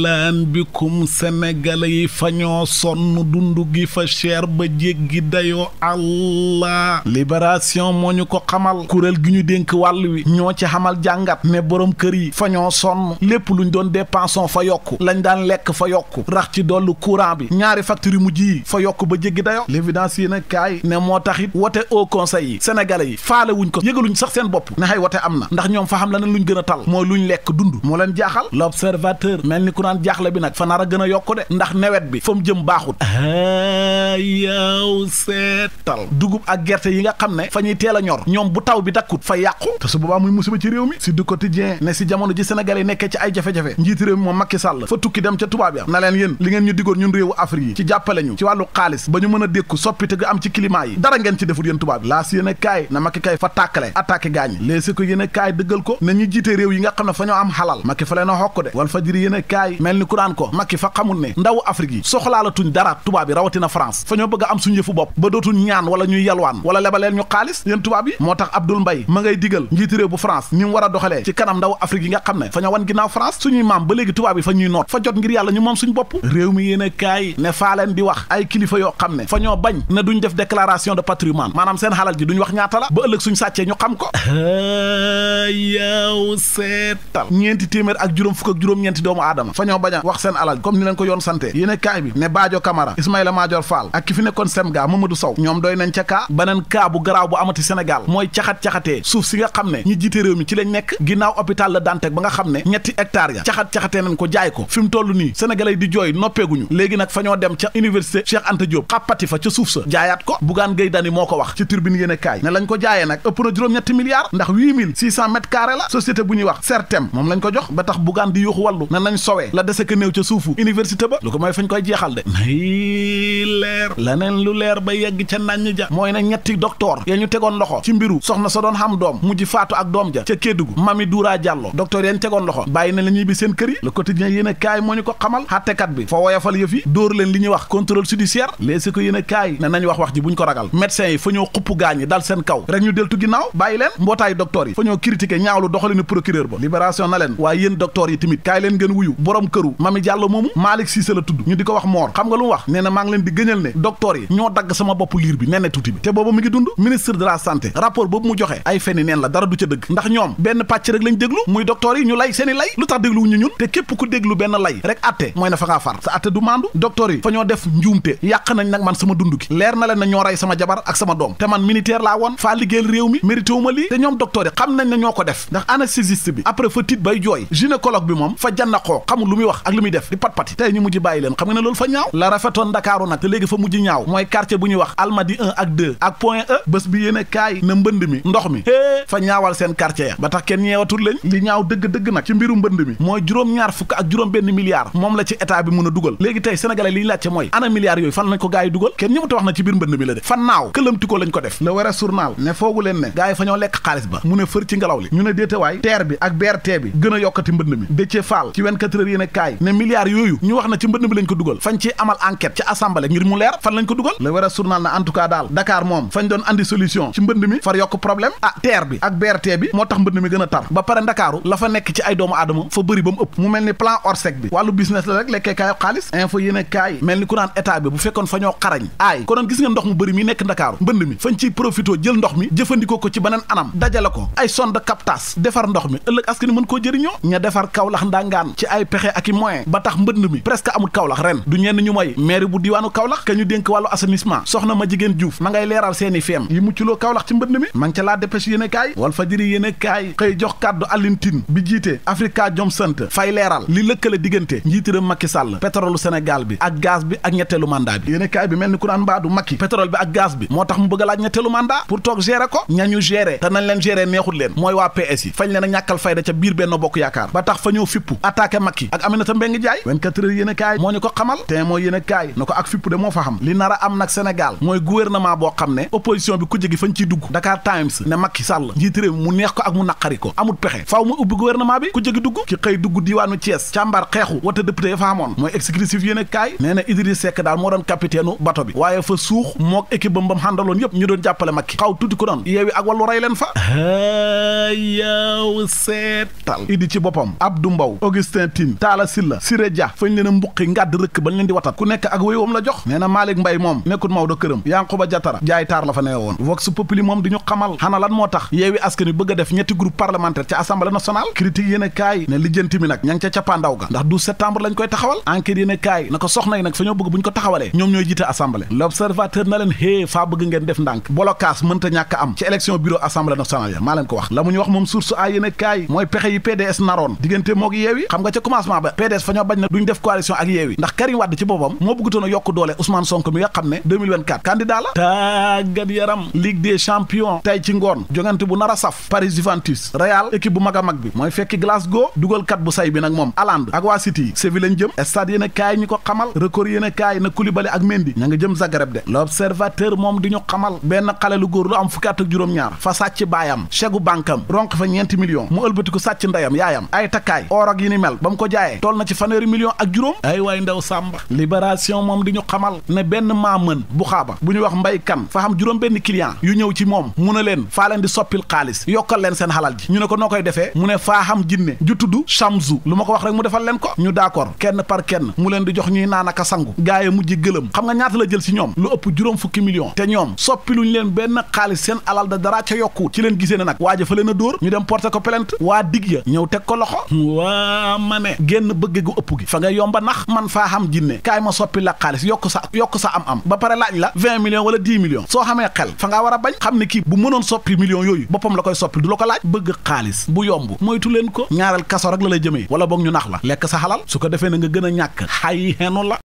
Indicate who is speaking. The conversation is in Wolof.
Speaker 1: laan bikum sénégalais yi fa ñoo sonn dund gi fa cher ba jéggi dayoo allah libération moo ñu ko xamal kuréel gi ñu dénk wàll wi ñoo ci xamal jàngat ne borom kër yi fañoo ñoo sonn lépp luñ doon dépensons fa yokk lañ daan lekk fa yokk rax ci dollu courant bi ñaari facture mujj yi fa yokk ba jéggi dayo l'évidence yéen a kaay ne moo tax it wote au conseil yi sénégalais yi faale wuñ ko yëgaluñ sax seen bopp ne xay wote am na ndax ñoom fa xam la ne luñ gën a tal mooy luñ lekk alxuraan jaaxle bi nag fa nar a gën a yokku de ndax nawet bi fa mu jëm baaxut ah, yaaw seetal dugub ak gerte yi nga xam ne fa ñuy teel a ñor ñoom bu taw bi dakkut fa yàqu te su boobaa ci réew mi si du quotidien jamono ci ay jafe-jafe njiiti réew mi moom Macky Sall fa dem ca tubaab ya na leen yéen li ngeen ñu digoon ñun réewu Afrique yi ci jàppale ñu ci wàllu xaalis ba ñu mën a dékku soppite gu am ci climat yi dara ngeen ci defut yéen tubaab yi laa si yéen kaay na Macky kay fa tàkkale attaqué gaañ léegi ko yéen kaay dëggal ko ne ñu jiite réew yi nga xam ne fa ñoo am xalal Macky fa leen a hokk de wal fajiri yéen kaay gaay mel ni ku naan ko Macky fa xamul ne ndaw Afrique yi soxlaalatuñ dara tubaab yi rawatina France fa ñoo bëgg am suñ yëfu bopp ba dootuñ ñaan wala ñuy yalwaan wala lebaleel ñu xaalis yéen tubaab yi moo tax Abdoul Mbaye ma ngay digal njiiti réew bu France ni war a doxalee ci kanam ndaw Afrique yi nga xam ne fa ñoo wan ginnaaw France suñuy maam ba léegi tubaab yi fa ñuy noot fa jot ngir yàlla ñu moom suñu bopp réew mi yéen a kaay ne faa di wax ay xam ne fa ñoo bañ ne duñ def déclaration de patrimoine maanaam seen xalal ji duñ ñaata la ba ëllëg suñ ko yow ñeenti téeméer ak juróom fukk ak doomu aadama fa ñoo bañ a wax seen alal comme ni leen ko yoon santé yéene kaay bi ne Badio Camara Ismaïla Madior Fall ak ki fi nekkoon Semga Mamadou Sow ñoom doy nañ ca kaa beneen kaa bu garaaw bu amati Sénégal mooy caxat-caxatee suuf si nga xam ne ñi jiite réew mi ci lañ nekk ginnaaw hôpital la Dantec ba nga xam ne ñetti hectares ya caxat-caxatee nañ ko jaay ko fi mu toll nii sénégalais di jooy noppeeguñu léegi nag fa ñoo dem ca université Cheikh Anta Diop xàppati fa ca ko Bougane moo wax ci turbine yéene kaay ne lañ ko jaayee nag ëpp na juróom-ñetti milliards ndax 8600 mètres carrés la société bu ñuy woowee la dese ka néew ca suufu université ba lu ko mooy fañ koy jeexal de nay leer laneen lu leer ba yegg ca naññ ja mooy na ñetti docteur ya ñu tegoon loxo ci mbiru soxna sa doon xam doom mujj faatu ak doom ja ca Kédougou Mami Doura Diallo docteur yañ tegoon loxo bàyyi na la bi seen kër yi le quotidien yéen a kaay moo ñu ko xamal xattekat bi fa woyafal yëf yi li ñuy wax contrôle judiciaire léegi ko yéen a kaay ne nañ wax wax ji buñ ñu deltu borom këru Mami Diallo moomu Malick Cissé la tudd ñu di ko wax Mor xam nga lu wax nee na maa ngi leen di gëñal ne docteur yi ñoo dagg sama bopp liir bi nenne tuuti bi te booba mi ngi dund ministre de la santé rapport boobu mu joxe ay feni neen la dara du ca dëgg ndax ñoom benn pàcc rek lañ déglu muy docteur yi ñu lay seeni lay lu tax déglu ñu ñun te képp ku déglu benn lay rek atte mooy na fa ngaa far sa atte du maandu docteur yi fa ñoo def njuumte yàq nañ nag man sama dund ki leer na leen na ñoo rey sama jabar ak sama doom te man militaire laa woon faa liggéeyal réew mi mérité wu ma ñoom docteur yi xam nañ na ñoo ko def ndax anesthésiste bi après fa tiit bay jooy gynécologue bi moom fa janna xoo xam xamul lu muy wax ak lu muy def di pat pati tey ñu mujj bàyyi leen xam nga ne loolu fa ñaaw la rafetoon ndakaaru nag te léegi fa mujj ñaaw mooy quartier bu ñuy wax almadi 1 ak 2 ak point e bés bi yéene kaay na mbënd mi ndox mi é fa ñaawal seen quartier ya ba tax kenn ñeewatul lañ li ñaaw dëgg-dëgg nag ci mbiru mbënd mi mooy juróom-ñaar fukk ak juróom benn milliard moom la ci état bi mun a dugal léegi tey sénégalais li ñu laajte mooy ci biir mbënd mi yéene kaay ne milliards yooyu ñu wax na ci mbënd bi lañ ko dugal fañ ci amal enquête ci assemblée ngir mu leer fan lañ ko dugal le wér a na en daal Dakar moom fañ doon andi solution ci mbënd mi far yokk problème ah TER bi ak BRT bi moo tax mbënd mi gën tar ba pare Ndakaaru la fa nekk ci ay doomu aadama fa bëri ba mu ëpp mu mel ni plan Orsec bi wàllu business la rek lekkee kaayo xaalis info yéene kaay mel ni ku naan état bi pexe ak i moyen ba tax mbënd mi presque amul Kaolack ren du ñenn ñu moy maire bu diwaanu Kaolack ke ñu dénk wàllu assainissement soxna ma jigéen Diouf ma ngay leeral seeni feem yi mucculoo Kaolack ci mbënd mi ma ca laa dépêche yéen e kaay wal fajiri yéen e kaay xëy jox kàddu Alintine bi jiite Africa Jom Center fay leeral li lëkkale diggante njiitiram Macky Sall pétrole Sénégal bi ak gaz bi ak ñetteelu mandat bi yéen e kaay bi mel ni ku naan mbaa du Macky pétrole bi ak gaz bi moo tax leen gérer leen mooy waa PS a ñàkkal fayda ca biir yaakaar ba tax fa ñoo fippu attaqué Macky ak Aminata Mbengue Ndiaye 24 heures yéen a kaay moo ñu ko xamal te moo a kaay na ko ak fipp de moo fa xam li nar am nag Sénégal mooy gouvernement boo xam ne opposition bi ku jegi fañ ciy dugg Dakar Times ne Macky Sall njiit réew mu neex ko ak mu naqari ko amut pexe faaw mu ubbi gouvernement bi ku jegi dugg ki xëy dugg diiwaanu Thiès càmbar xeexu wata député ya fa amoon mooy exclusif yéen a kaay nee daal moo doon capitaine u bato bi waaye fa suux mook équipe bam bam xàndaloon doon jàppale Macky xaw tuuti ko doon yeewi ak wàllu ci boppam Abdou Mbow Augustin Diagne Talla Sylla Siré Dia fañ leen a mbuqi ngàdd rëkk bañ leen di watat ku nekk ak wéywoom la jox nee na Malick Mbaye moom nekkul Maodo këram Yankuba Jatara jaay taar la fa nee woon Vox Populi moom di ñu xamal xana moo tax yeewi askan wi bëgg a def ñetti groupe parlementaire ca assemblée nationale critique yéen a lijjanti mi nag ña ngi ca cappaandaw ga ndax 12 septembre koy taxawal enquête yéen na ko soxna yi nag fa ñoo bëgg bu ñu ko taxawalee commencement ba PDS fa ñoo bañ na duñ def coalition ak Yewwi ndax Karim Wade ci boppam moo bëggatoon a yokk doole Ousmane Sonko mi nga xam ne 2024 la tàggat yaram Ligue des champions tey ci ngoon jongante bu nar a saf Paris Juventus Real équipe bu mag a mag bi mooy fekki Glasgow dugal kat bu say bi nag moom Haaland ak waa City Séville lañ jëm stade yéen a kaay ñu ko xamal record yéen a kaay na Koulibaly ak Mendy ña nga jëm Zagreb de l'observateur moom di ñu xamal benn xale lu góor lu am fukki at ak juróom-ñaar fa sàcc baayam chegu bankam ronk fa ñeenti millions mu ëlbati ko sàcc ndeyam yaayam ay takkaay or ak yi ni jaayee toll na ci fanweeri million ak juróom ay waay ndaw sàmba libération moom di ñu xamal ne benn maa mën bu xaaba bu ñu wax mbay kan fa xam juróom benn client yu ñëw ci moom mu ne leen faa leen di soppil xaalis yokkal leen seen xalal ji ñu ne ko noo koy defee mu ne faa xam jinne ju tudd Shamzu lu ma ko wax rek mu defal leen ko ñu d'accord kenn par kenn mu leen di jox ñuy naan aka sangu gaay mujj gëlëm xam nga ñaata la jël si ñoom lu ëpp juróom fukki million te ñoom soppiluñ leen benn xaalis seen alal dara ca yokku leen gisee ne nag waaja fa leen a dóor ñu dem porter ko plainte waa dig ya ñëw teg ko loxo waa ma ne génn bëgg gu ëpp gi fa nga yomba nax man faa xam jinne kaay ma soppi la xaalis yokk sa yokk sa am am ba pare laaj la vingt millions wala dix millions soo xamee xel fa ngaa war a bañ xam ni kii bu mënoon soppi millions yooyu boppam la koy soppi du la ko laaj bëgg xaalis bu yomb moytu leen ko ñaaral kaso rek la lay jëmee wala boog ñu nax la lekk sa xalal su ko defee na nga gën a ñàkk xay xenu la